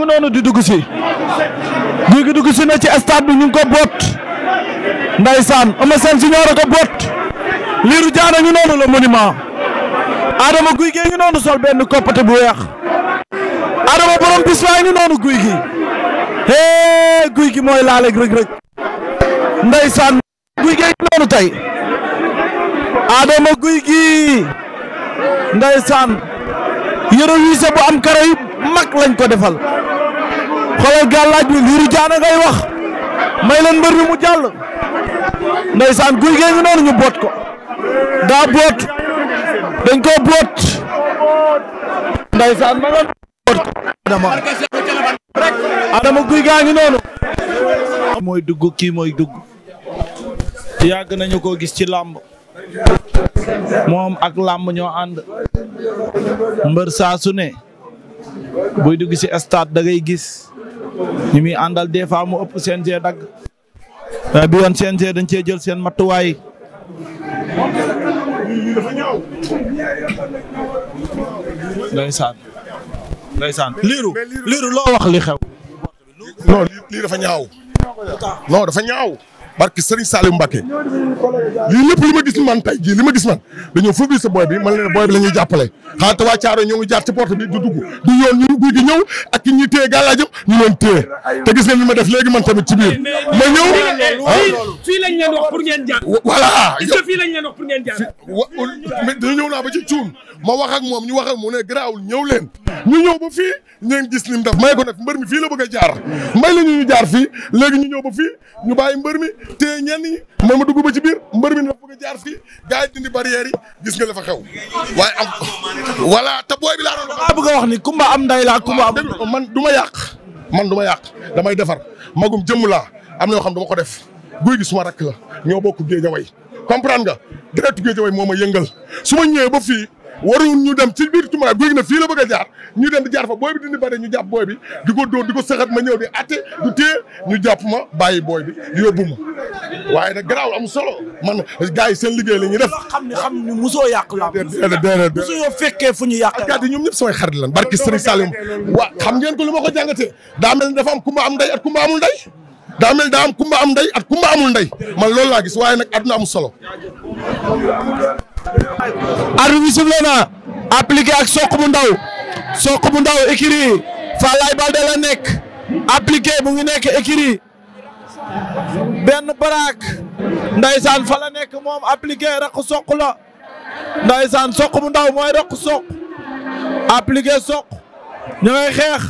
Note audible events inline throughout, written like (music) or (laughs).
ngi noonu di dugg si guy gi dugg si na ci stade bi ñu ngi ko boot ndaysaan ama seen si ñoora ko boot liiru jaana ngi noonu le monument adama guy gi ngi noonu sol benn koppate bu weex adama borom bis waa ngi noonu guy gi hee guy gi mooy laaleeg rëg-rëg ndaysaan guy gi ngi noonu tey adama guy gi ndaysaan yëre wiise bu am karaw mag lañ ko defal xoolal gàllaaj bi liiru jaana ngay wax may leen mbër mi mu jàll ndeysaan guy gee ngi noonu ñu boot ko daa boot dañ koo boot ndeysaan ma nga boot adama guy gaa ngi noonu mooy dugg kii mooy dugg yàgg nañu ko gis ci làmb moom ak làmb ñoo ànd mbër saa su ne buy dugg si stade da ngay gis ñu muy àndal des fois mu ëpp CNG dagg. waaye bi dañ cee jël seen matuwaay. ndeysaan ndeysaan liiru wax li xew. non lii dafa ñaaw. non dafa ñaaw. barke Serigne Saliou Mbacké lii lépp li ma gis man tey jii li ma gis man dañoo foofu sa boy bi man leen boy bi la ñuy jàppale xanaa te waa Thiaroye ñoo ngi jaar ci porte bi du dugg du yoon ñu guy di ñëw ak ñi téye gàllaajam ñu leen téye te gis nga li ma def léegi man tamit ci biir ma ñëw fii ah. lañ leen wax pour ngeen jaar voilà ah, fii lañ leen wax pour ngeen jaar dañu ñëw naa ba ci cuun ma wax ak moom ñi wax ak mu ne garaawul ñëw leen ñu ñow ba fii ngeen gis ni mu def may ko nag mbër mi fii la bëgg a jaar may la ñu ñu jaar fii léegi ñu ñëw ba fii ñu bàyyi mbër mi téye ñenn ñi man ma dugg ba ci biir mbër mi dafa bëgg a jaar fii gars yi dindi barrière gis nga la fa xew. waaye am voilà te booy bi laa doon. maa bëgg a wax ni kumba am nday laa kumba am. man du ma yàq man du ma damay defar magum jëmm laa am na yoo xam dama ko def guy gi suma rakk la ñoo bokk géej a way nga deretu géej a way moo ma yëngal su ma ñëwee ba fii. waruñu ñu dem ci biir tumaa guy na fii la bëgg a jaar ñu dem di jaar fa booy bi dindi bare ñu jàpp booy bi di ko dóor di ko sëxat ma ñëw di atte du téye ñu jàpp ma bàyyi booy bi yóbbu ma waaye nag garaaw am solo man gars yi seen liggéey la ñuy def. xam ne xam ne mosoo yàq la. fekkee fu ñu yàq la. gàtt yi ñoom ñëpp samay xarit lan barki Sëriñ Salim waa xam ngeen ko lu ma ko jàngatee daa mel ni dafa am kumba am ndey at kumba amul ndey daa mel daa am kumba am ndey at kumba amul ndey man loolu laa gis waaye nag àdduna am solo arbitre bi sifflé na appliqué ak soq bu ndaw soq bu ndaw écurie Falaye Baldé la nekk appliqué mu ngi nekk écurie benn baraak ndaysaan fa la nekk moom appliqué raq soq la ndaysaan soq mu ndaw mooy raq soq appliqué soq ñu ngay xeex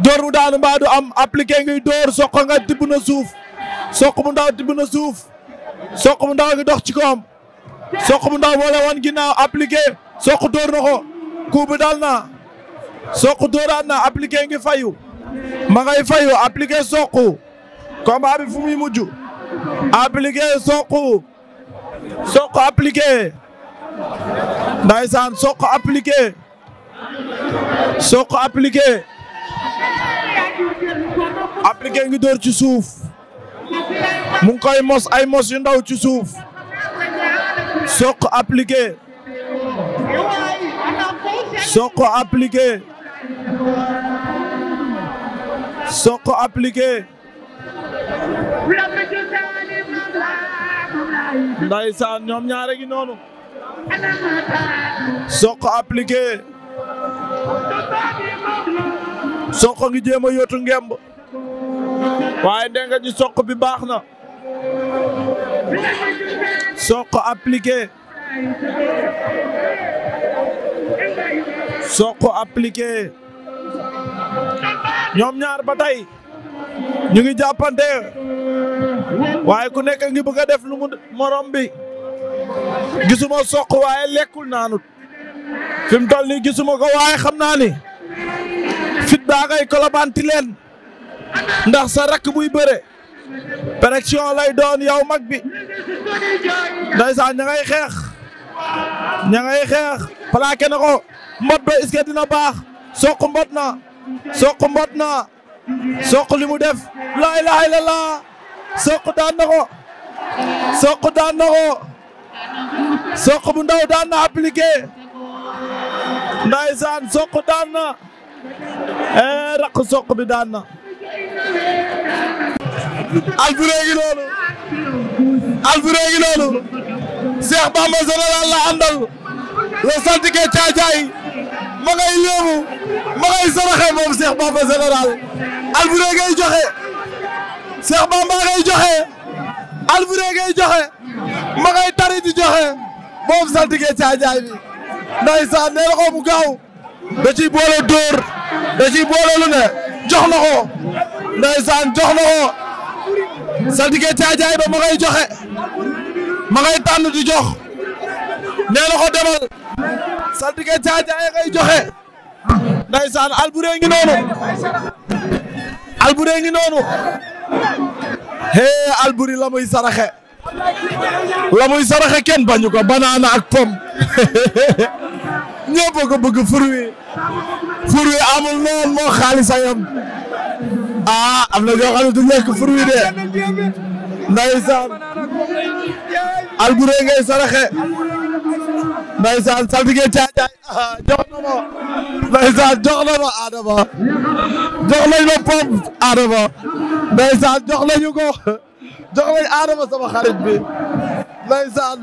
door mu daanu mbaa am appliqué ngiy door soq nga tibb na suuf soq bu ndaw tibb na suuf soq mu ndaw ngi dox ci koom soq bu ndaw moo la wan ginnaaw appliqué soq dóor na ko coup na soq dóoraat na appliqué ngi fayu ma ngay fayu appliqué soq combat bi fu muy mujj appliqué soq soq appliqué ndaysaan soq appliqué soq appliqué appliqué ngi dóor ci suuf mu ngi mos ay mos yu ndaw ci suuf Sokh appliqué Sokh appliqué Sokh appliqué Ndeysaan ñoom ñaare gi noonu Sokh appliqué Sokh gi jéem a ngemb waaye denga ji Sokh bi baax na Sokh appliqué Sokh appliqué ñoom ñaar ba tey ñu ngi jàppante waaye ku nekk ngi bëgg a def lu mu morom gisuma soq waaye lekkul naanut fi mu toll gisuma ko waaye xam naa ni fit baa ngay leen ndax sa rakk buy bëre pression lay doon yow mag bi ndeysaan ña ngay xeex ña ngay xeex plaqué na ko mbot ba est dina baax soq mbat na soq mbot na soq li mu def laa ilaha illallah soq daan na ko soq bu ndaw daan na appliqué ndeysaan soq daan na ee eh, raq soq bi daan na Alboury ngi noonu Alboury ngi noonu Cheikh Bamba général la àndal la saltige caacaay ma ngay léemu ma moom Cheikh Bamba général Alboury ngay joxe Cheikh Bamba ngay joxe Alboury ngay joxe ma ngay joxe moom saltige caacaay bi ndeysaan nee na ko gaaw da ciy boole dóor da ciy boole lu ne jox na ko ndeysaan saltige caajaay ba ma ngay joxe ma ngay tànn di jox nee na ko demal saltige caajaay ngay joxe ndaysaan alburee ngi noonu alburee ngi noonu hee alburi la saraxe la saraxe kenn bañu ko banaana ak pomme (laughs) ñëpp ko bëgg fur wi amul noonu moo xaalis ayam aa ah, am na ñoo xam du lekk fur wi de ndaysaan albure ngay saraxe ndaysaan saltige caajaay ah, jox na ma ndaysaan jox na ma Adama jox nañ ma pom Adama ndaysaan jox nañu ko jox nañ Adama sama xarit bi ndaysaan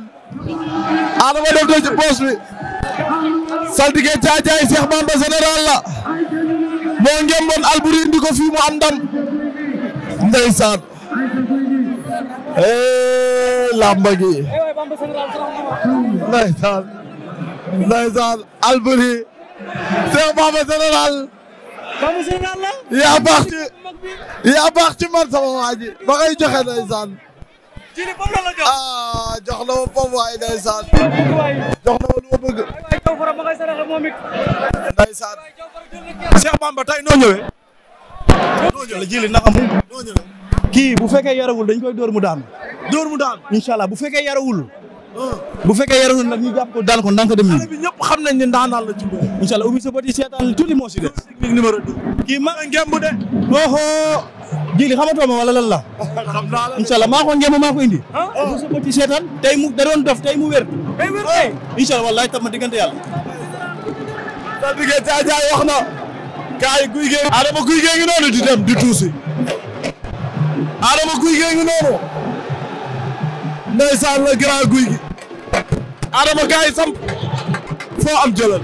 Adama def na ci poos bi saltige caajaay Cheikh Bamba général la moo ngemboon Alboury indi ko mu am ndam ndeysaan eh lamba gi ndeysaan ndeysaan Alboury Cheikh Baba Général yaa yaa baax ci man sama waa ji ba ngay joxe ndeysaan ah, jox na ma foofu waay ndeysaan jox na ma lu Diawara ma ngay saraxe moom it. ndeysaan. Cheikh Bamba tey noo ñëwee. noo na amul kii bu fekkee yarawul dañ koy dóor mu daanu. dóor mu daan incha allah bu fekkee yarawul bu fekkee yaroon nag ñu jàpp ko dal ko ndànk dem nii. bi ñëpp xam nañ ne ndaanaan la ci mbir. incha allah ubbi sa bët yi seetaan tuuti moo si des. numéro deux. kii ma ngemb de. oho. jili xamatoo ma wala lan la. xam naa la incha allah maa ko ngemb maa ko indi. Ah? ubbi sa bët yi seetaan tey mu da doon dof tey mu wér. tey wér tey. Ah, incha allah walaay tam ma diggante yàlla. sa diggante na. Adama guy gee noonu di dem di tuusi. Adama guy gee noonu. ndeysaan la grand guy gi Adama gars yi sam foo am jëlal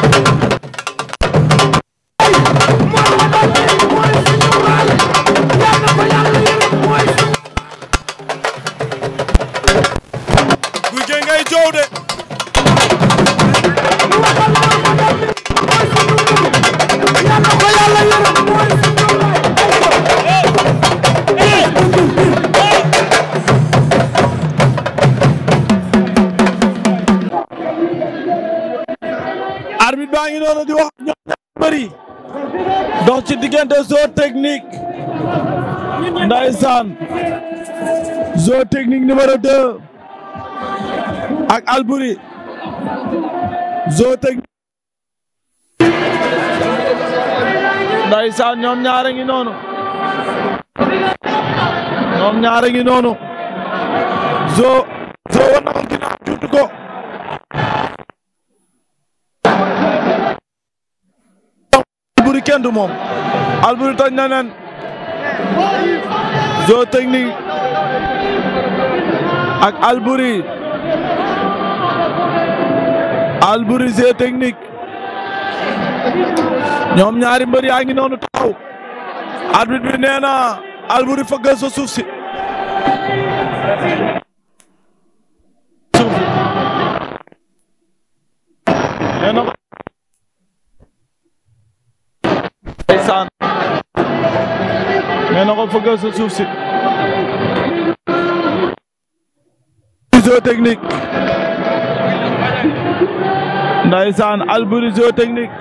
ndeysaan Joe Technique numéro 2 ak Alboury Joe Technique ndeysaan ñoom ñaare ngi noonu ñoom ñaare ngi noonu Joe Joe war na ko ginnaaw kenn du moom Alboury toj na Joe Technique ak Alboury Alboury Joe Technique ñoom ñaari mbër yaa ngi noonu taw arbitre bi nee na Alboury fëggal sa suuf si fëggal sa suuf si Alboury Zootechnique ndaysaan Alboury Zootechnique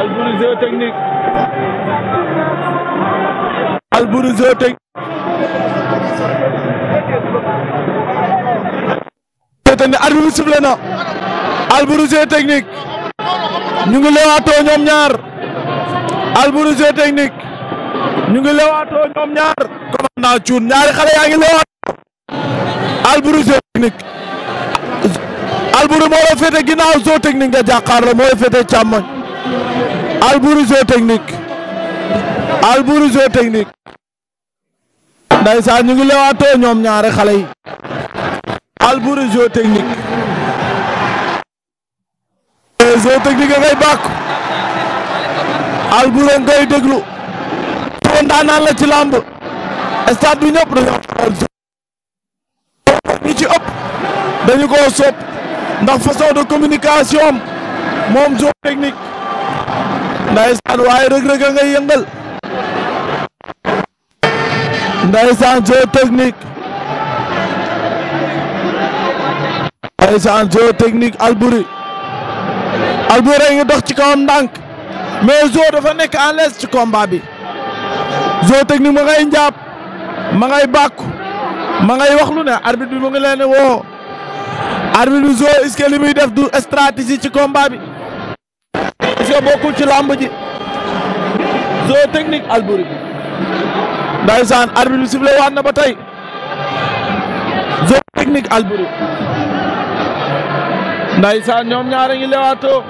Alboury Zootechnique Alboury Zootechnique Alboury Zootechnique ñu ngi leewaatoo ñoom ñaar Alboury technique ñu ngi leewaatoo ñoom ñaar commandant Thioune ñaari xale yaa ngi leewaatoo Alboury technique Alboury moo la féete ginnaaw Zo technique nga jàkkaarloo mooy féete càmmoñ Alboury technique Alboury technique ndaysaan ñu ngi leewaatoo ñoom ñaari xale yi Alboury technique Zo technique ngay bàkku Alboury ngay déglu pour la ci làmb stade bi ñëpp dañoo ci ëpp dañu koo soob ndax façon de communication moom zone technique ndaysaan waaye rëg-rëg a ngay yëngal ndaysaan zone technique ndaysaan zone technique Alboury Alboury ngi dox ci kawam ndànk mais Zo dafa nekk à l'aise ci combat bi Zo technique ma ngay njàpp ma ngay bàkku ma ngay wax lu ne arbitre bi mu ngi leen woo arbitre bi Zo est muy def du stratégie ci kombaa bi est-ce que ci làmb ji Zo technique Alboury bi ndaysaan arbitre bi sifflé waat na ba tey Zo technique Alboury ndaysaan ñoom ñaar ngi lewaatoo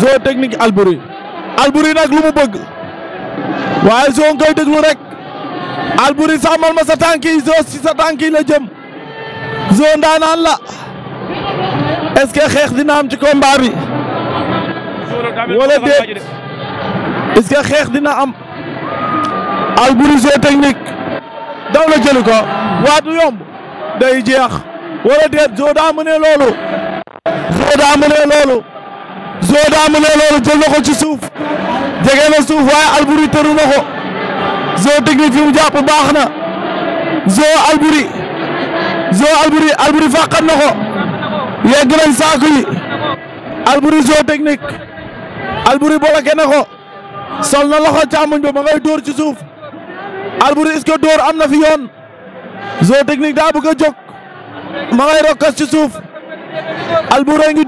zoo technique Alboury Alboury nag lu mu bëgg waaye zoo nga koy déglu rek Alboury ma sa tànk yi zoo si sa la jëm zoo ndaanaan la est-ce xeex dina am ci combat bi wala déet est-ce xeex dina am Alboury zoo technique daw la jëli ko waa du yomb day jeex wala déet zoo daa mënee loolu zoo daa mënee loolu Zoda mu ne loolu jël ci suuf jege na suuf waaye Alboury tëru na ko Zo fi mu jàpp baax na Zo Alboury Zo Alboury Alboury fàqat na ko yegg nañ saako yi Alboury Zo technique na ko sol na loxo càmmoñ ba ma ci suuf Alboury est-ce am na fi yoon Zo technique daa bëgg a jóg rokkas ci suuf Alboury a ngi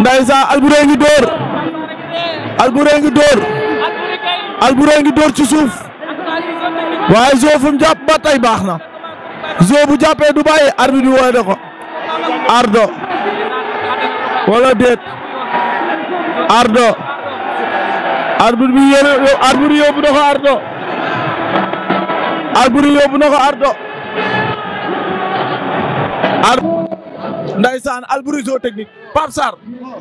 ndeysaan Alboury ngi dóor Alboury ngi dóor Alboury ngi dóor ci suuf waaye Zo fu mu baax na Zo bu jàppee du bàyyi arbitre bi wooy na ko Ardo wala déet Ardo arbitre bi yore arbitre Ardo arbitre yóbbu na ko Ardo ndaysaan Alboury zoo technique Pape Sarr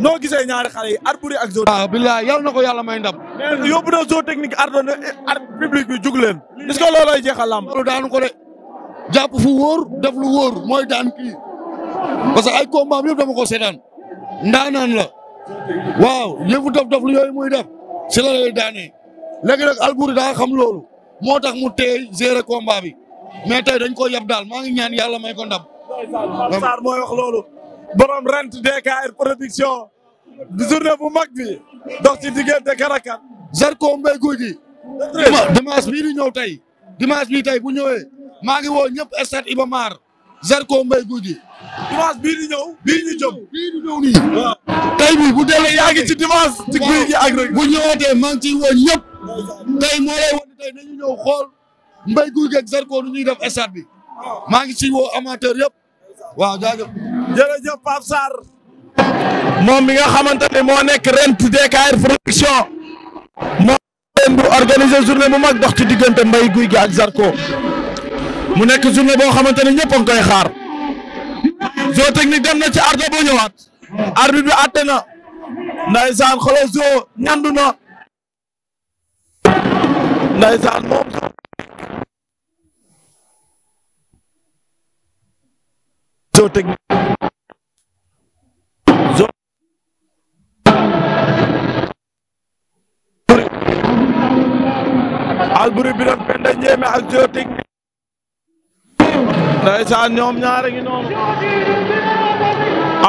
noo gisee ñaari xale yi Alboury ak zoo. waaw ah, bilaay yal na ko yàlla may ndam. mais yóbbu na zoo technique ardo na ar public bi jug leen. est jeexal làmb. loolu daanu ko de jàpp fu woor def lu wóor mooy daan kii parce que ay combat am yëpp dama ko seetaan ndaanaan la waaw yëfu dof dof lu yooyu muy def si la lay daanee daa xam loolu moo tax mu teey gérer combat bi mais tey dañ ko yab daal maa ngi ñaan yàlla may ko ndam. Pape Sarr mooy wax loolu borom rent DKR production journée bu mag bi dox ci diggante karakat Zarko Mbaye Gouy Gui dimanche bii di ñëw tey dimanche bi tey bu ñëwee maa ngi woo ñëpp stade Iba Mar Zarko Mbaye Gouy Gui dimanche bii di ñëw bii ñu jëm bii di tey bi bu dee yaa ngi ci dimanche ci Gouy Gui ak rek bu ñëwaatee maa ngi ciy woo ñëpp tey moo lay wan tey nañu ñëw xool Mbaye Gouy Gui ak Zarko nu ñuy def stade bi maa ngi ci woo amateur yëpp waaw jaajëf jërëjëf Pape Sarr moom mi nga xamante ne moo nekk ren DKR production moo leen du organiser journée bu mag dox ci diggante Mbaye Gouye Gui ak Zarko mu nekk journée boo xamante ne ñëpp a ngi koy xaar zoo technique dem na ci ardo boo ñëwaat arbitre bi àtte na ndaysaan xoolal zoo ñandu na ndaysaan moom zone technique zone Alboury Birame Penda Ndiémé ak zone technique ndeysaan ñoom ñaar a ngi noonu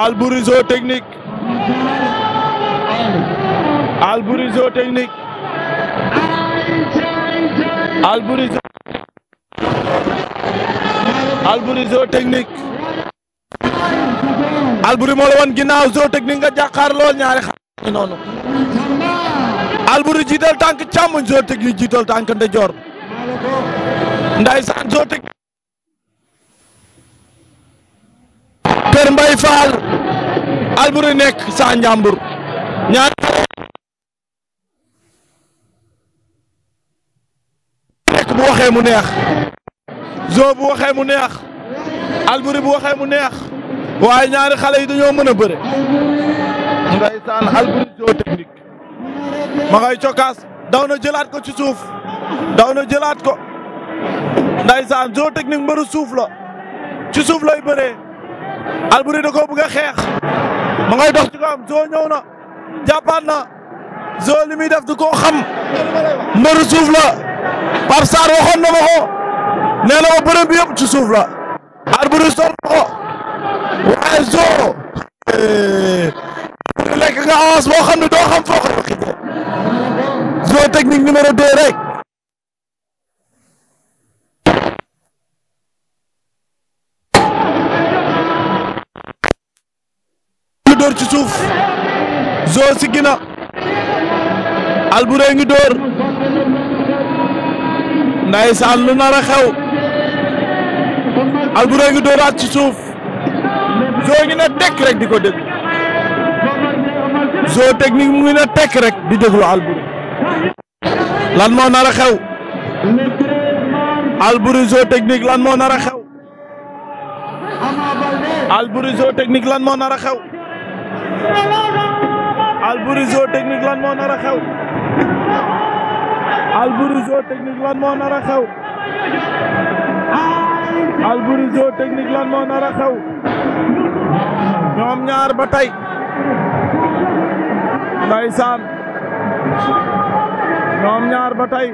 Alboury technique Alboury zone technique Alboury Alboury technique Alboury moo la wan ginnaaw Zo Technique nga jàkkaar lool ñaari xale noonu Alboury jiital tànk càmmoñ Zo Technique jiital tànk ndeyjoor ndaysaan Zo Technique Kër Mbay Faal Alboury nekk sa njàmbur ñaari nekk bu waxee mu neex Zo bu waxee mu neex Alboury bu waxee mu neex waaye ñaari xale yi dañoo mën a bëre. ndeysaan Alboury Géotechnique. ma ngay cokkaas daw na jëlaat ko ci suuf daw na jëlaat ko. ndeysaan Géotechnique mbëru suuf la ci suuf lay bëree. Alboury da koo bëgg xeex. ma ngay dox ci ko am Géo ñëw na jàppaat na Géo li muy def du koo xam. mbëru suuf la. Pape Sarr waxoon na ma ko nee na ma bërëm bi yëpp ci suuf la Alboury sol na ko. waaye zoo lekk nga avance boo xam ne doo foo zoo technique numéro deux rek ngi ci suuf zoo si gina Alboury ngi dóor ndeysaan lu nar a xew Alboury ngi ci suuf zoo ngi na tekk rek di ko déglu zoo technique mu ngi na tekk rek di déglu Alboury lan moo nar a xew Alboury zoo technique lan moo nar a xew Alboury zoo technique lan moo nar a xew Alboury zoo technique lan xew ñoom ñaar ba tey ndaysaan ñoom ñaar ba tey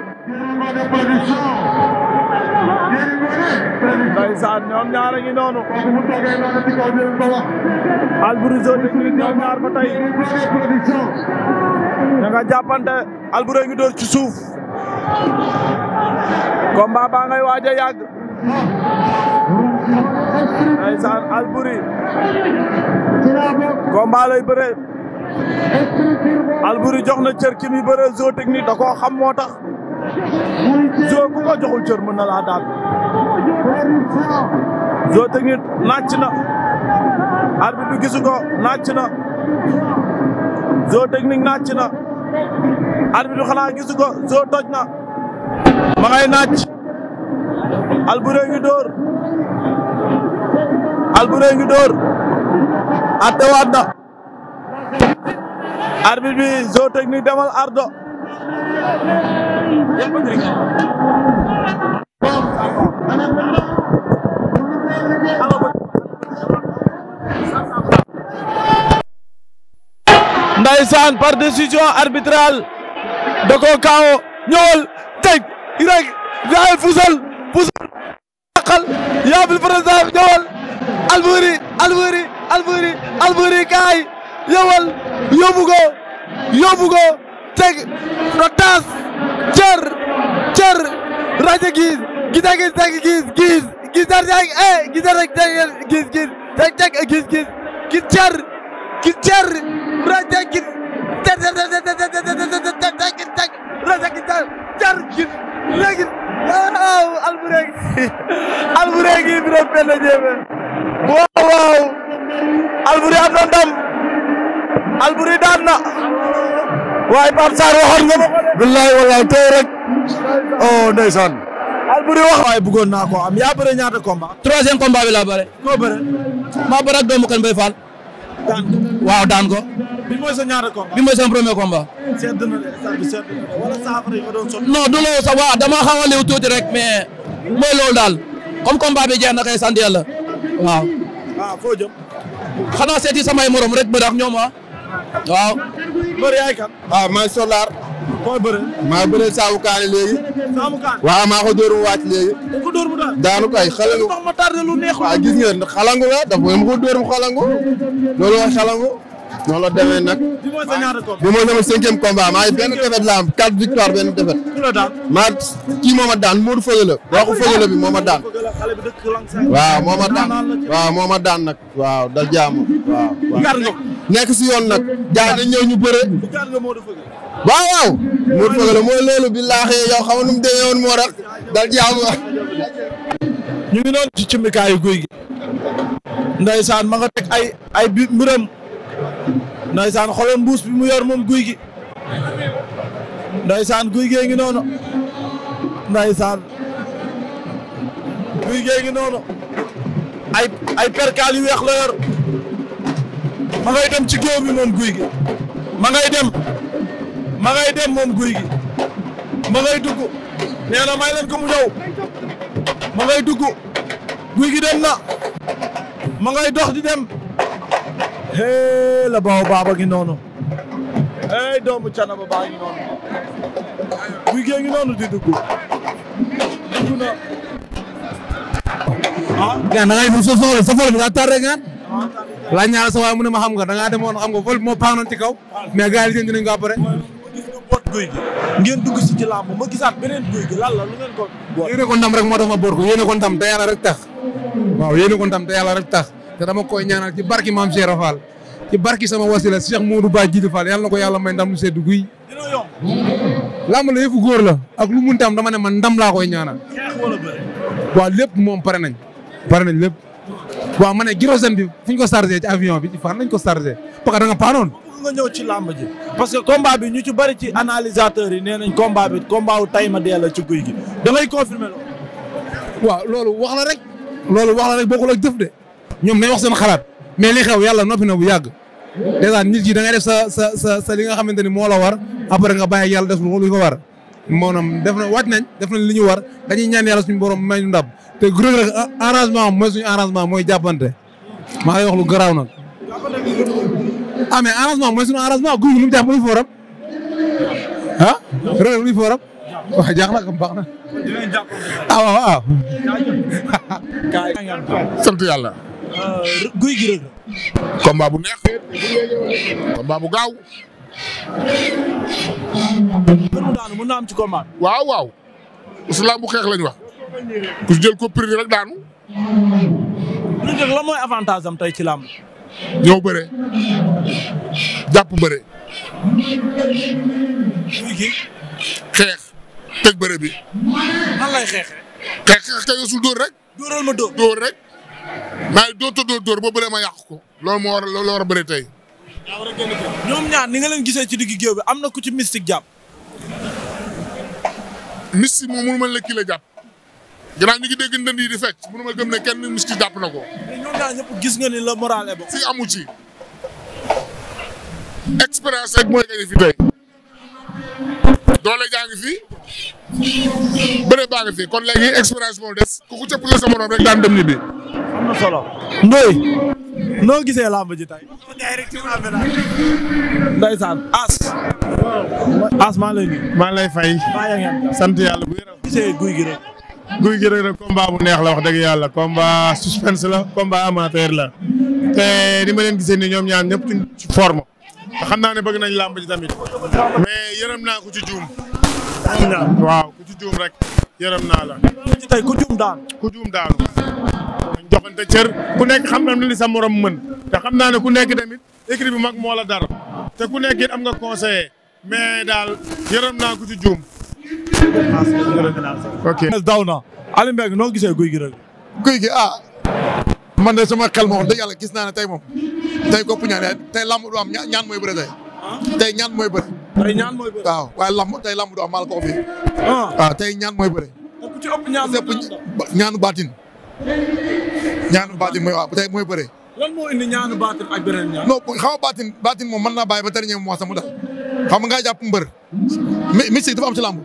ndaysaan ñoom ñaar a noonu Alboury technique ñoom ñaar ba tey ña nga jàppante door ci suuf baa ngay waaj a yàgg ndeysaan Alboury combat lay bëre jox na cër kib muy bëre Zo Technique xam moo tax Zo ku ko joxul cër mën na laa daan Zo Technique nàcc na arbitre bi gisu ko nàcc na Zo Technique nàcc na arbitre bi xanaa gisu ko Zo na ma ngay nàcc Alboury ngi Alboury ngi dóor attewaat na arbitre bi zone technique demal ardo Ndeysaan par décision arbitrale da koo kaawo ñëwal teg rek gaay fusal fusal yaqal yaabil président ñëwal Alboury Alboury Alboury Alboury kaay yowal yóbbu ko yóbbu ko teg rotas cër cër rajo gis gis gis teg gis gis gis dar teg eh gis dar teg gis gis teg teg gis gis gis cër waaw waaw Alboury am na ndam Alboury daan na waaye Pape Sarr waxoon nga ma billaay wallaay tey rek oh ndeysaan Alboury wax waaye bëggoon naa ko am yaa bëre ñaata combat troisième combat bi laa bëre moo bëre maa bëre ak doomu kan bay Fall daan waaw daan ko. bi mooy sa ñaari combat bi mooy sama premier combat. sedd na de sedd du loolu sax waaw dama xaw a tuuti rek mais mooy loolu daal comme combat bi jeex na kay sant waaw. waaw ah, seeti samay morom rek ba dax ñoom ah. waaw. mbër yaay kan. waaw man Solar. mooy bëre. maa bëre Saamu Kaane léegi. Saamu Kaane waaw maa ko mu wàcc léegi. daanu kay xalangu. tax ma tardé lu neexul. waaw gis ngeen xalangu la dafa mu xalangu. loolu mooy xalangu. noonu la demee nag. bi mooy sa ñaata combat. bi mooy sama cinquième combat maa ngi benn défaite la victoire benn défaite. daan maa kii moo ma daan Modou Feuille la. waxu Feuille la bi moo daan. waaw moo daan waaw waaw dal waaw. nekk si yoon nag jaay dañ ñëw ñu bëre. waaw waaw. Modou Feugeleu mooy loolu billaahi yow xam nu mu demee woon moo tax dal jàmm ñu ngi noonu ci cimikaayu guy gi. Ndeysaan ma nga teg ay ay bi mbiram. Ndeysaan xooloon mbuus bi mu yor moom guy gi. Ndeysaan guy gee ngi noonu. Ndeysaan. guy gee ngi noonu. ay ay perkaal yu weex la yor. ma ngay dem ci géew bi moom guy gi ma ngay dem ma ngay dem moom guy gi ma ngay dugg nee na may leen ko mu ñëw ma ngay dugg guy gi dem na ma ngay dox di dem hee la baaw baaba gi noonu hey doomu cana ba baa ngi noonu guy gee ngi noonu di dugg dugg na ah gaan da ngay sa soxla sa soxla tar rek gaan ah, laaj naa la sa waay mu ne ma xam nga da ngaa demoon xam nga vol moo paanoon ci kaw mais gars yi jënd nañ ko après boot guy gi ngeen dugg si ci làmb ma gisaat beneen guy gi lan la lu ngeen ko boot yéene ko ndam rek moo tax ma boot ko yéene ko ndam te yàlla rek tax waaw yéene ko ndam te yàlla rek tax te dama koy ñaanal ci barki maam Cheikh Fall ci barki sama wasila Cheikh Modou Ba Djidi Fall yàlla na ko yàlla may ndam lu sedd guy dina yomb làmb la yëfu góor la ak lu mun tam dama ne man ndam laa koy ñaanal waaw lépp moom pare nañ pare nañ lépp waaw ma ne gyrosène bi fu ñu ko chargé ci avion bi fan lañ ko chargé parce que da nga paanoon. nga ñëw ci làmb ji parce que combat bi ñu ci bëri ci analysateur yi nee nañ combat kombaaw combat wu tay ma dee la ci guy gi da ngay confirmer loolu. waaw loolu wax la rek. loolu wax la rek bokkul ak jëf de. ñoom nañ wax seen xalaat. mais li xew yàlla noppi na bu yàgg. dèjà nit yi da ngay def sa sa sa sa li nga xamante ni moo la war après nga bàyyi yàlla def lu ko war. maanaam def na waaj nañ def nañ li ñu war dañuy ñaan yàlla suñu borom may ñu ndab te Reug Reug ah, arrangement mooy suñu arrangement mooy jàppante maa ngi wax lu garaaw nag. ah mais mooy suñu arrangement Gouye Gui lu mu jàpp lu fooram ah Reug ah, (laughs) Reug sant yàlla. Euh, Gouye Gui Reug bu neex. combat bu gaaw. gënu daanu mën waaw waaw. islam bu xeex lañ wax. jël ko prix rek daanu. prix rek la mooy avantage am tey ci làmb. ñëw bëre. jàpp bëre. xeex. teg bëre bi. nan lay xeexee. xeex xeex tey yosul dóor rek. dóoral ma dóor dóor rek. maa ngi dóor ta dóor dóor ma yàq ko. loolu moo war a loolu war ñoom ñaan ni nga leen gisee ci digg géew bi am na ku ci mystique jàpp. mystique moom mënu ma la jàpp. gannaaw ñu ngi dégg ndënd yi di fecc mënu ma gëm ne kenn mystique jàpp na ko. ñoom ñaar ñëpp gis nga ni la moral ba. si amu ci. expérience rek mooy gañ fi tey. fi. bëre baa ngi kon léegi expérience moo des ku ko cëpp la sa morom rek daan dem ni bi na solo. Ndoye. noo gisee làmb ji tey. ndeysaan As. As maa lay nuyu. maa lay fay. sant yàlla bu yéeral. gisee guy gi guy gi rek bu neex la wax dëgg yàlla komba suspense la combat amateur la te ni ma leen gisee ni ñoom ñaar ñëpp ci forme xam naa ne bëgg nañ làmb ji tamit mais yërëm naa ku juum. waaw ku juum rek yërëm naa la. tey ku juum daan. joxante cër ku nekk xam na li sa morom mën xam naa ne ku nekk tamit écrit bi mag moo la dar te ku nekk am nga conseiller mais daal yërëm naa ku ci juum. ok. daw na Aliou Mbengue noo gisee guy gi rek. guy gi ah. man de sama kel ma da dëgg yàlla gis naa ne tey moom tey kopp ñaan tey lamb du am ñaan mooy bëre tey. tey mooy bëre. tey ñaan mooy bëre. tey lamb du am maa la fi. Ah. Ah, tey ñaan mooy bëre. ku ci ëpp ñaan ñaanu ñaan baatin mooy waaw tey mooy bëre. lan moo indi ñaanu baatin ak beneen ñaan. non xaw ma baatin baatin moom man naa bàyyi ba dernier mois sax mu def xam nga jàpp mbër mystique dafa am ci làmb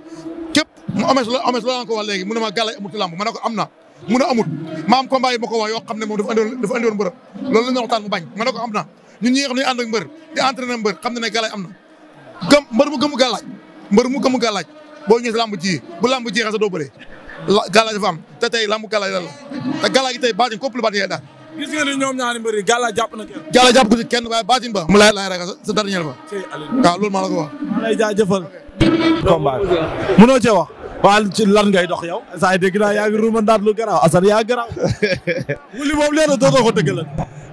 képp mu amee loo amee loo ko wax léegi mu ne ma gàllay amul ci làmb ma ne ko am na mu ne amul ma am combat ko wax yoo xam ne moom dafa andiwoon dafa andiwoon ko am na ñun ñi nga xam ne ñu ànd mbër di entraîné mbër xam ne ne gàllay am na gëm mbër mu gëmu gàllaaj mbër mu gëmu gàllaaj boo ñëwee si làmb ji bu làmb jeexee sa doo bëree gala dafa am te tey lambu gala la te gala gi tey baatin képp lu baatin yaay daal. gis nga ni jàpp na kenn. gala ko kenn waaye baatin ba. mu laay laay rek sa dernier ba. waaw loolu maa la ko wax. maa lay jaajëfal. combat mënoo cee wax. waa ci lan ngay yow. saa yi dégg naa yaa ngi ruuma ndaat lu garaaw Assane yaa garaaw. (laughs) wuli moom nee na dootoo ko dëggalal.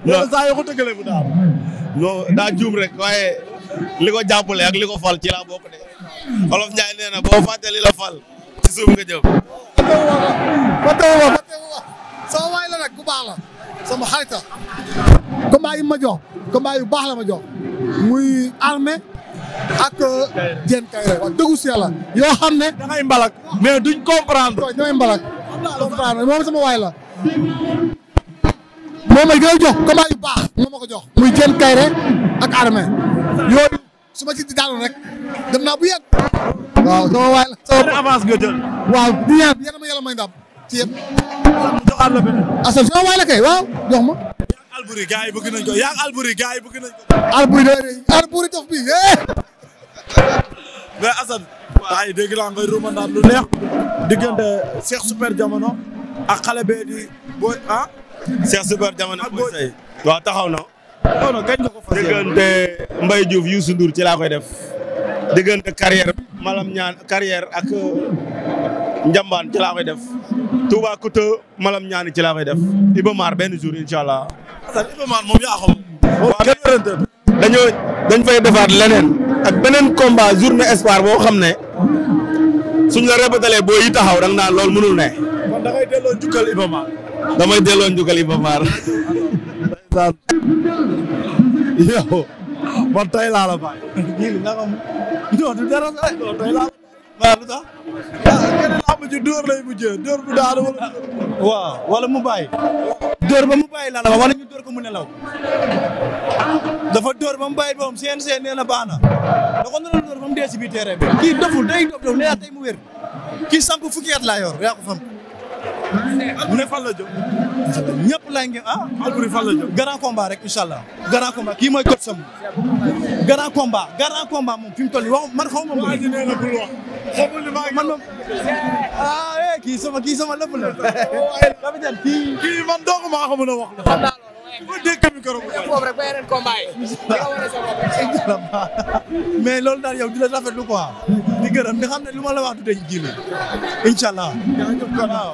loolu saa yoo ko dëggalee mu daa juum rek waaye li ko jàppale ak li ko fal ci laa bokk de. Wolof Njaay nee boo fàtte li fal a jëm. sama waay la nag ku baax la sama xarita combat yi ma jox combat yu baax ma jox muy armée ak euh, Diène Kaïré wax dëggu si yoo xam ne. mbalak mais duñ comprendre. damay mbalak comprendre moom sama waay la. moom la gën a jox combat yu baax. moom ma ko jox muy Diène Kaïré ak armée yooyu. su ma ci daaloon rek dem naa bu yàgg. waaw sama waay ma yàlla la benn. asal sama la kay waaw jox ma. yaa ngi Albouri gars yi bëgg nañ ko yaa ngi Albouri gars yi bëgg nañ ko. Albouri de Albouri dof bi eh. mais Assane. neex. diggante Cheikh Super Jamono. ak xale bee di booy ah. Cheikh Super Jamono booy say. taxaw na. non non kañ nga ko fas diggante Mbaye ci laa koy def diggante carrière malam ñaan carrière ak euh, njambaan ci laa koy def Touba Couta malam ñaani ci laa koy def Iba benn jour incha allah. parce que Iba moom yaa xam. waaw dañoo dañ fay defaat leneen ak beneen combat journée espoir boo xam ne suñ la répétalee boo yi taxaw da nga naan loolu mënul ne. kon da ngay delloo njukkal Iba Mar. (laughs) ndeysaan yow man tey laa la bàyyi. jiili naka mu non du ji ah, dóor lay mujjee dóor du daanu wala. waaw wala mu bàyyi. dóor ba mu bàyyi laa la wax wala ñu dóor ko mu ne law dafa door ba mu bàyyi moom CNC nee na baax na. da ko doon dóor ba mu dee si biir terrain bi. kii doful day dof dof nee naa tey mu wér. kii sànq fukki at yaa ko fan. mu ne a la ngeen ah. Alboury fan la jëm. grand combat rek incha allah. grand combat kii mooy coach sam. grand combat grand combat moom fi mu toll nii wax moom. ah eh, kii sama kii sama lépp la. (laughs) kii man dong maa ko mën a wax. mais loolu daal yow di la rafetlu quoi di gërëm di xam ne lu ma la wax du deñ ji incha allah.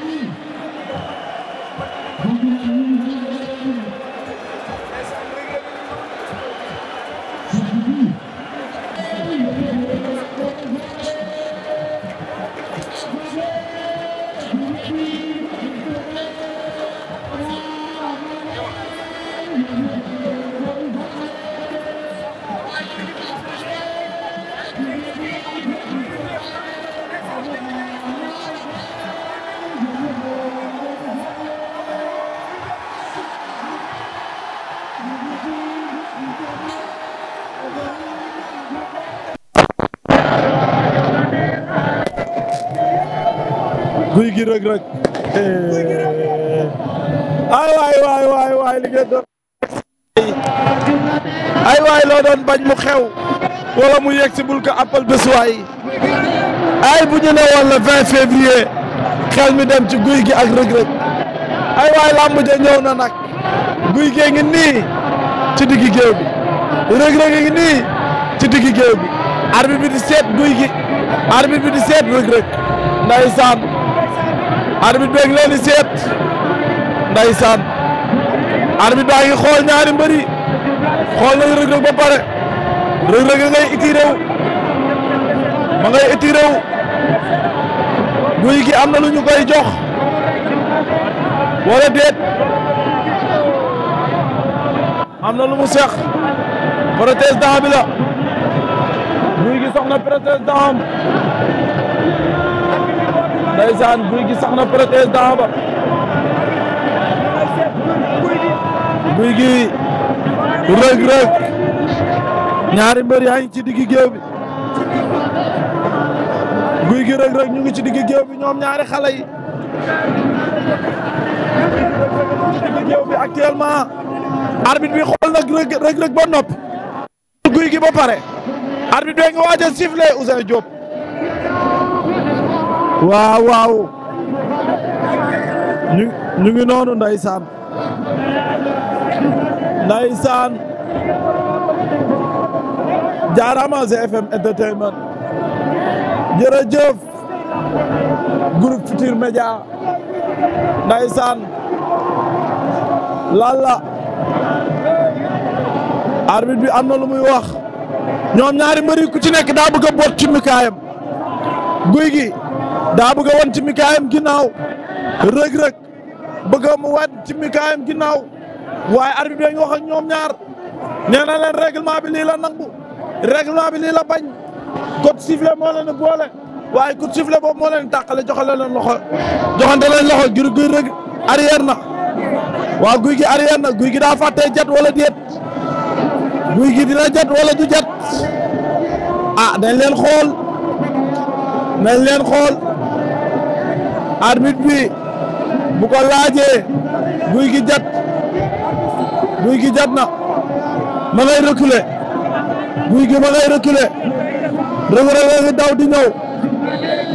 Mmh. ci Reug Reug eh. ay waay waay waay waay li doon ay waay loo doon bañ mu xew wala mu yegg si bul ko appal bés waay ay bu ñu ne woon xel mi dem ci guy gi ak Reug Reug ay waay làmb ja ñëw na nag guy gee ngi nii ci diggi géew bi Reug Reug ngi nii ci diggi géew bi arbitre bi di seet guy gi arbitre bi di seet Reug Reug ndeysaan arbitre beeg leen seet ndeysaan arbitre baa ngi ñaari mbëri xool nañu Reug Reug ba pare Reug Reug ngay étiré ma ngay étiré guy gi am na lu ñu koy jox wala déet am na lu mu seq protège dent guy gi soxna protège dent ndeysaan guy gi sax na protège dent ba guy gi rëg rëg ñaari mbër yaa ngi ci digg géew bi guy gi rëg rëg ñu ngi ci digg géew bi ñoom ñaari xale yi digg géew bi actuellement arbitre bi xool nag rëg rëg ba nopp guy gi ba pare arbitre bi ngi waaj a sifflé Ousseynou Diop waaw waaw ñu ñu ngi noonu ndeysaan ndeysaan jaaraama GFM entertainment jërëjëf groupe Futur Média ndeysaan lalla arbitre bi am na lu muy wax ñoom ñaari mbëri ku ci nekk daa bëgg a boot ci mikaayam guy gi daa bëgg wan ci mikaayam ginnaaw rëg-rëg bëgg a mu wan ci mikaayam ginnaaw waaye arbitre bi ñoom ñaar nee na leen règlement bi lii la nangu règlement bi lii la bañ code sifflet moo leen boole waaye code sifflet boobu moo leen tàqale joxale leen loxo joxante leen loxo ngir guy rëg arrière na waaw guy gi arrière na guy gi daa fàttee jat wala déet guy gi dina jat wala du jat ah dañ leen xool nañ leen xool arbitre bi bu ko laajee guy gi jat guy gi jat na ma ngay reculer guy gi ma ngay reculer Reug Reug ngi daw di ñëw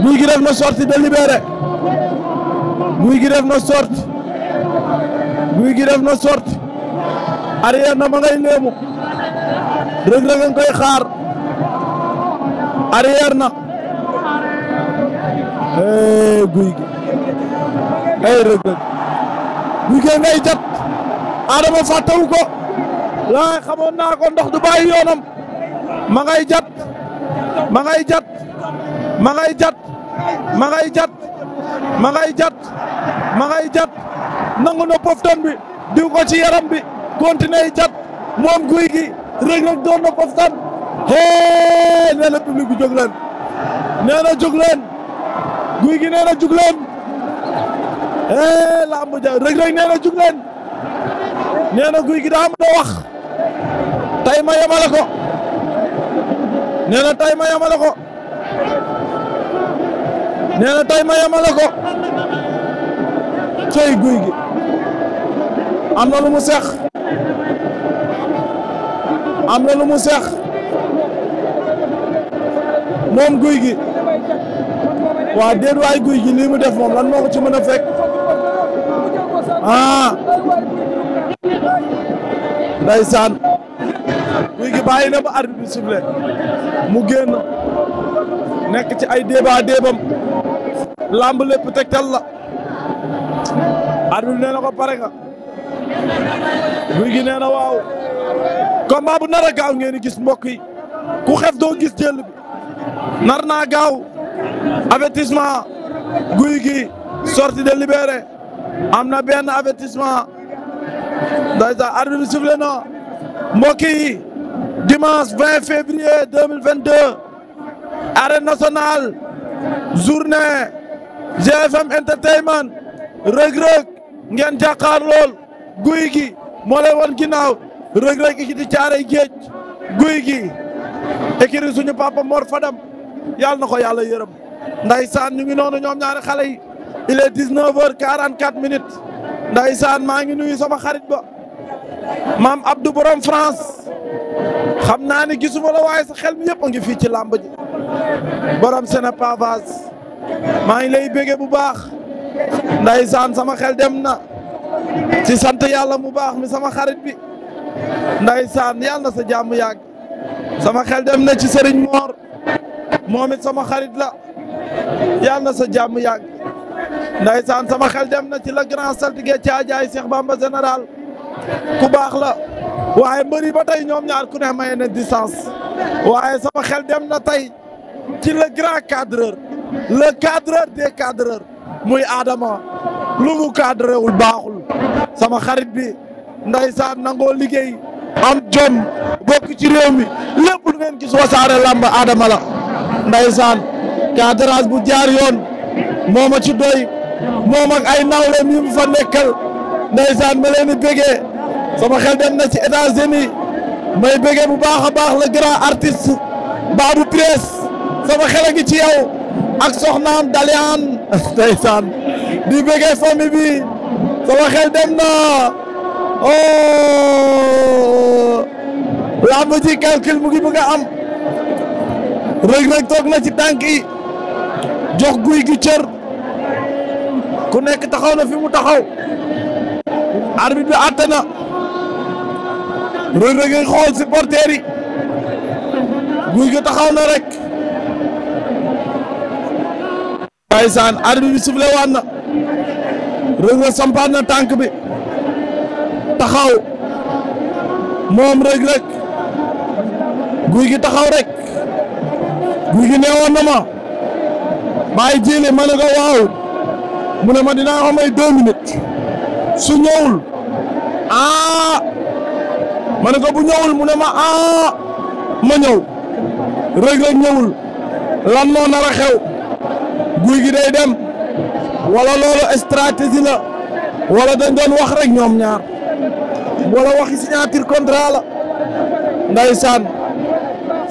guy gi def na sortie délibérée guy gi def na sortie guy gi def na sortie arrière na ma ngay léemu Reug Reug nga koy xaar arrière na hey guy gi hey rëg guy gi jat Adama fàttawu ko laay xamoon naa ko ndox du bàyyi yoonam ma jat ma ngay jat ma ngay jat ma jat ma jat ma jat nangu na poftan bi diw ko ci yaram jat moom guy gi rëg doon na poftan hey nee na public bi jóg leen nee guy gi nee na jug leen eh làmb ja Reug Reug guy gi daa am doo wax tay ma yemale ko nee na tay ma yemale cey guy gi am na lu mu seex am na lu mu seex moom guy gi. waa déet waay guy gi lii mu def moom lan moo ci mën a fekk ah ndeysaan guy gi bàyyi na ba arbitre bi sifflé mu génn nekk ci ay débat débam lamb lépp tegtal la arbitre bi nee na ko pare nga guy gi nee na waaw combat bu nar a gaaw ngeen gis mbokk yi ku xef doo gis jël bi nar naa gaaw avertissement guy gi sortie de libéré am na benn avertissement daysa arbitre bi sifflé na mbokk yi dimanche 20 février 2022 arène nationale journée GFM entertainment rëg-rëg ngeen jàkkaar lool guy gi moo lay won ginnaaw rëg-rëg ikiti caaray géej guy gi ékiri suñu papa Mor Fadam yàlla na ko yàlla yërëm ndaysaan ñu ngi noonu ñoom ñaari xale yi il est 19 heures 44 minutes ndaysaan maa ngi nuyu sama xarit bo maam Abdou Borom France xam naa ni gisuma la waaye sa xel mi yëpp a ngi fii ci làmb ji Borom Sene Pavage maa ngi lay bége bu baax ndaysaan sama xel dem na si sant yàlla mu baax mi sama xarit bi ndaysaan yàlla na sa jàmm yàgg sama xel dem na ci sëriñ Mor. moom it sama xarit la yàlla na sa jàmm yàgg ndaysaan sama xel dem na ci la grand saltige caajaay Cheikh Bamba général ku baax la waaye mbëri ba tey ñoom ñaar ku ne maye na distance waaye sama xel dem na tey ci le grand cadreur le cadreur des cadreurs muy Adama lu mu cadré wul baaxul sama xarit bi ndaysaan nangoo liggéey am jom bokk ci réew mi lépp lu ngeen gis Wassare Adama la ndeysaan cadrage bu jaar yoon a ci doy moom ay nawleem yi mu fa nekkal ndeysaan ma leen di bégee xel dem na ci États-Unis may bégee bu baaxa baax le grand artiste Babou Presse sama xel a ngi ci yow ak soxnaam Dalian (laughs) ndeysaan di bégee famille bi sama xel dem na oh lamb ji mu ngi bëgg a am Reug Reug toog na ci tànk yi jox guy gi cër ku nekk taxaw na fi mu taxaw arbitre bi àtte na Reug Reug nga xool supporter yi guy gi taxaw na rek ndeysaan arbitre bi soufflé waat na Reug Reug tànk bi taxaw moom Reug Reug guy gi taxaw rek guy gi neewoon na ma bàyyi jéele ma ne ko waaw mu ne ma dinaa ko may deux su ñëwul aa ah. ma ne ko bu ñëwul mu ne ma aa ah. ma ñëw rëg rëg ñëwul lan moo nar a xew guy gi day dem wala loolu stratégie la wala dañ doon wax rek ñoom ñaar wala waxi signature contrat la ndeysaan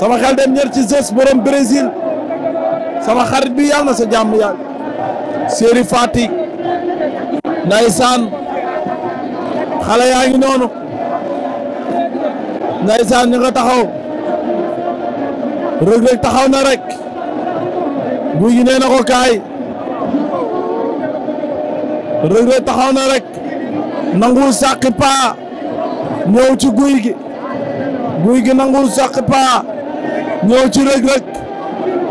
sama xel dem ñër ci Zeus borom Brésil sama xarit bi yàlla na sa jàmm yàgg Seri Fatick ndaysaan xale yaa ngi noonu ndaysaan ñu taxaw Reug Reug taxaw na rek Gouye Gui nee na ko kaay Reug Reug taxaw na rek nangu sàqi paa ñëw ci Gouye Gui Gouye Gui nangu sàqi paa ñëw ci Reug Reug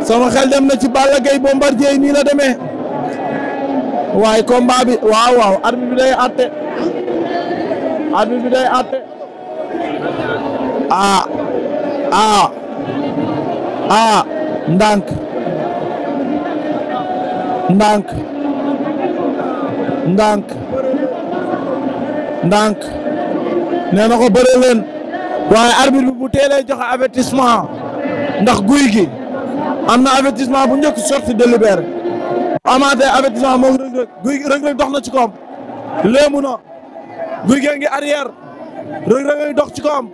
sama xel dem na ci Balla Gaye Bombardier nii la deme waaye combat bi waaw waaw arbitre bi day àtte arbitre bi day àtte ah ah ah ndànk ndànk ndànk ndànk na ko bëre leen waaye arbitre bi bu teelee joxe avertissement ndax guy gi am na avertissement bu njëkk sorti délibéré amaatee avertissement moom rëg rëg guy gi rëg rëg dox na ci koom léemu na guy gi ngi arrière rëg rëg ngi dox ci koom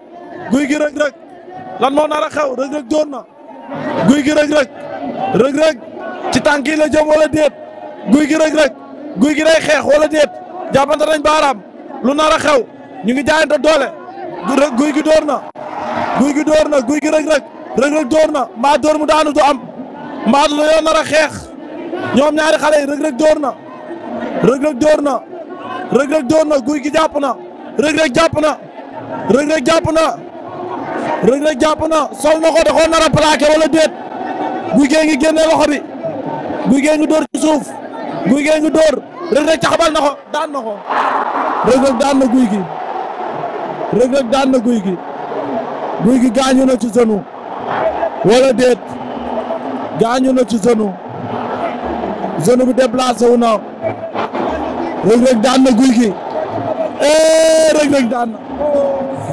guy gi rëg rëg lan moo nar a xew rëg rëg dóor na guy gi rëg rëg rëg ci tànk yi la jëm wala guy gi rëg rëg guy gi day xeex wala déet jàppante nañ baaraam lu nar a xew ñu ngi jaayante doole guy gi dóor na guy gi dóor na guy gi rëg rëg Reug Reug door na maa door mu daanu du am mbaa du dañoo nar a xeex ñoom ñaari xale yi Reug Reug door na Reug Reug door na Reug Reug door guy gi jàpp na Reug Reug jàpp na Reug Reug jàpp na jàpp na sol na ko da koo nar a plaqué wala déet guy gee ngi génne loxo bi guy gee ngi door ci suuf guy gee ngi door Reug Reug caxabal na ko daan na ko Reug Reug daan na guy gi Reug guy gi gi gaañu na ci zone wala déet gaañu na ci zone zone bi déplacé wu na Reug Reug daan na Gouye Gui eh Reug